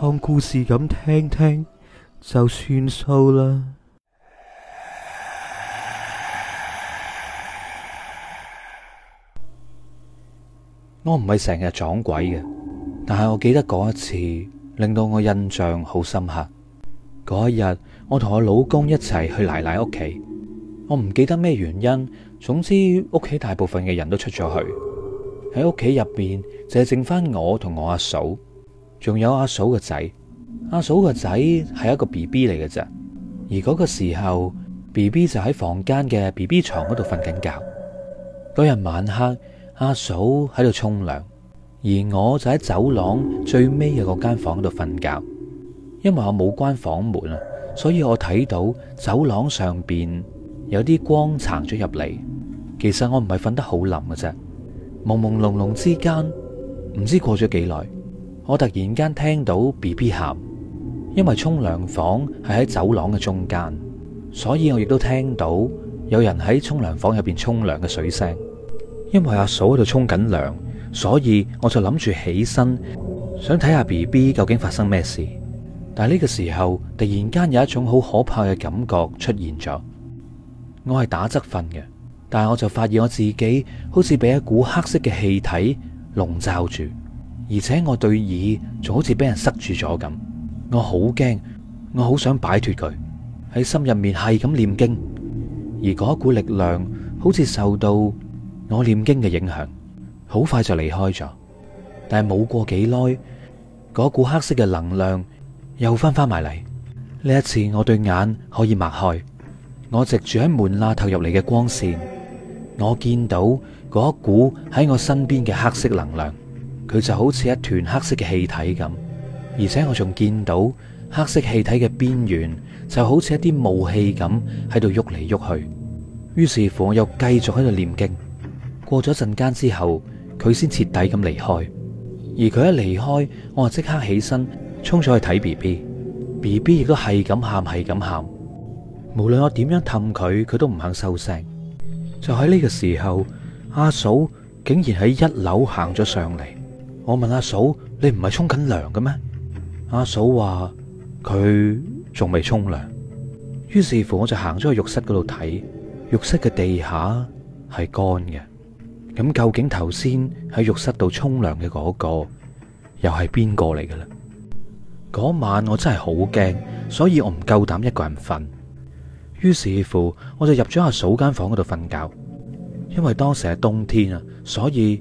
當故事咁聽聽就算數啦。我唔係成日撞鬼嘅，但係我記得嗰一次令到我印象好深刻。嗰一日，我同我老公一齊去奶奶屋企。我唔記得咩原因，總之屋企大部分嘅人都出咗去，喺屋企入邊就係剩翻我同我阿嫂。仲有阿嫂個仔，阿嫂個仔係一個 B B 嚟嘅咋，而嗰個時候，B B 就喺房間嘅 B B 床嗰度瞓緊覺。嗰日晚黑，阿嫂喺度沖涼，而我就喺走廊最尾嘅嗰間房度瞓覺。因為我冇關房門啊，所以我睇到走廊上邊有啲光層咗入嚟。其實我唔係瞓得好冧嘅啫，朦朦朧朧之間，唔知過咗幾耐。我突然間聽到 B B 喊，因為沖涼房係喺走廊嘅中間，所以我亦都聽到有人喺沖涼房入邊沖涼嘅水聲。因為阿嫂喺度沖緊涼，所以我就諗住起身想睇下 B B 究竟發生咩事。但係呢個時候突然間有一種好可怕嘅感覺出現咗。我係打側瞓嘅，但係我就發現我自己好似俾一股黑色嘅氣體籠罩住。而且我對耳就好似俾人塞住咗咁，我好驚，我好想擺脫佢，喺心入面係咁念經，而嗰股力量好似受到我念經嘅影響，好快就離開咗。但係冇過幾耐，嗰股黑色嘅能量又翻返埋嚟。呢一次我對眼可以擘開，我藉住喺門罅透入嚟嘅光線，我見到嗰股喺我身邊嘅黑色能量。佢就好似一團黑色嘅氣體咁，而且我仲見到黑色氣體嘅邊緣就好似一啲霧氣咁喺度喐嚟喐去。於是乎，我又繼續喺度念經。過咗陣間之後，佢先徹底咁離開。而佢一離開，我就即刻起身衝咗去睇 BB，BB 亦都係咁喊係咁喊。無論我點樣氹佢，佢都唔肯收聲。就喺呢個時候，阿嫂竟然喺一樓行咗上嚟。我問阿嫂：你唔係沖緊涼嘅咩？阿嫂話佢仲未沖涼。於是乎，我就行咗去浴室嗰度睇，浴室嘅地下係乾嘅。咁究竟頭先喺浴室度沖涼嘅嗰個又係邊個嚟嘅咧？嗰晚我真係好驚，所以我唔夠膽一個人瞓。於是乎，我就入咗阿嫂間房嗰度瞓覺，因為當時係冬天啊，所以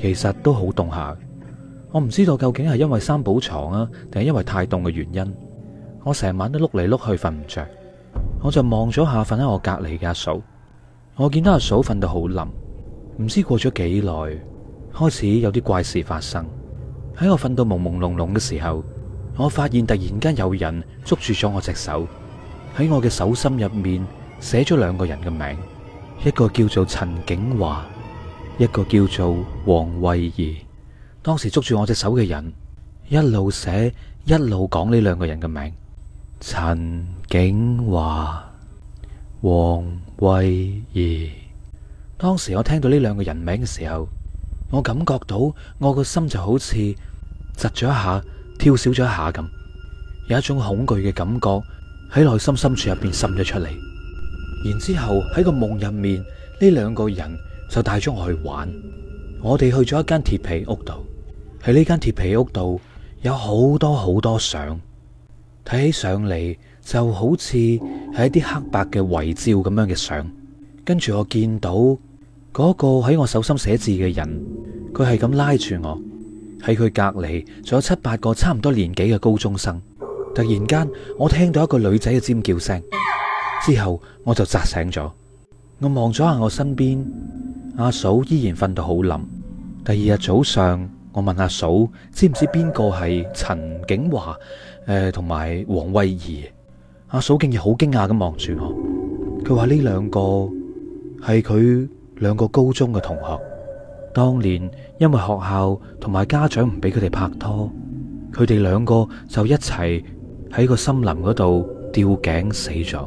其實都好凍下。我唔知道究竟係因為三寶床啊，定係因為太凍嘅原因，我成晚都碌嚟碌去瞓唔着。我就望咗下瞓喺我隔籬嘅阿嫂，我見到阿嫂瞓到好冧，唔知過咗幾耐，開始有啲怪事發生。喺我瞓到朦朦朧朧嘅時候，我發現突然間有人捉住咗我隻手，喺我嘅手心入面寫咗兩個人嘅名，一個叫做陳景華，一個叫做黃惠儀。當時捉住我隻手嘅人，一路寫一路講呢兩個人嘅名：陳景華、黃惠儀。當時我聽到呢兩個人名嘅時候，我感覺到我個心就好似窒咗一下，跳少咗一下咁，有一種恐懼嘅感覺喺內心深處入邊滲咗出嚟。然之後喺個夢入面，呢兩個人就帶咗我去玩，我哋去咗一間鐵皮屋度。喺呢間鐵皮屋度有好多好多相，睇起上嚟就好似係一啲黑白嘅遺照咁樣嘅相。跟住我見到嗰個喺我手心寫字嘅人，佢係咁拉住我喺佢隔籬，仲有七八個差唔多年紀嘅高中生。突然間，我聽到一個女仔嘅尖叫聲，之後我就扎醒咗。我望咗下我身邊，阿嫂依然瞓到好冧。第二日早上。我問阿嫂知唔知邊個係陳景華？誒、呃，同埋黃惠儀。阿嫂竟然好驚訝咁望住我，佢話呢兩個係佢兩個高中嘅同學，當年因為學校同埋家長唔俾佢哋拍拖，佢哋兩個就一齊喺個森林嗰度吊頸死咗。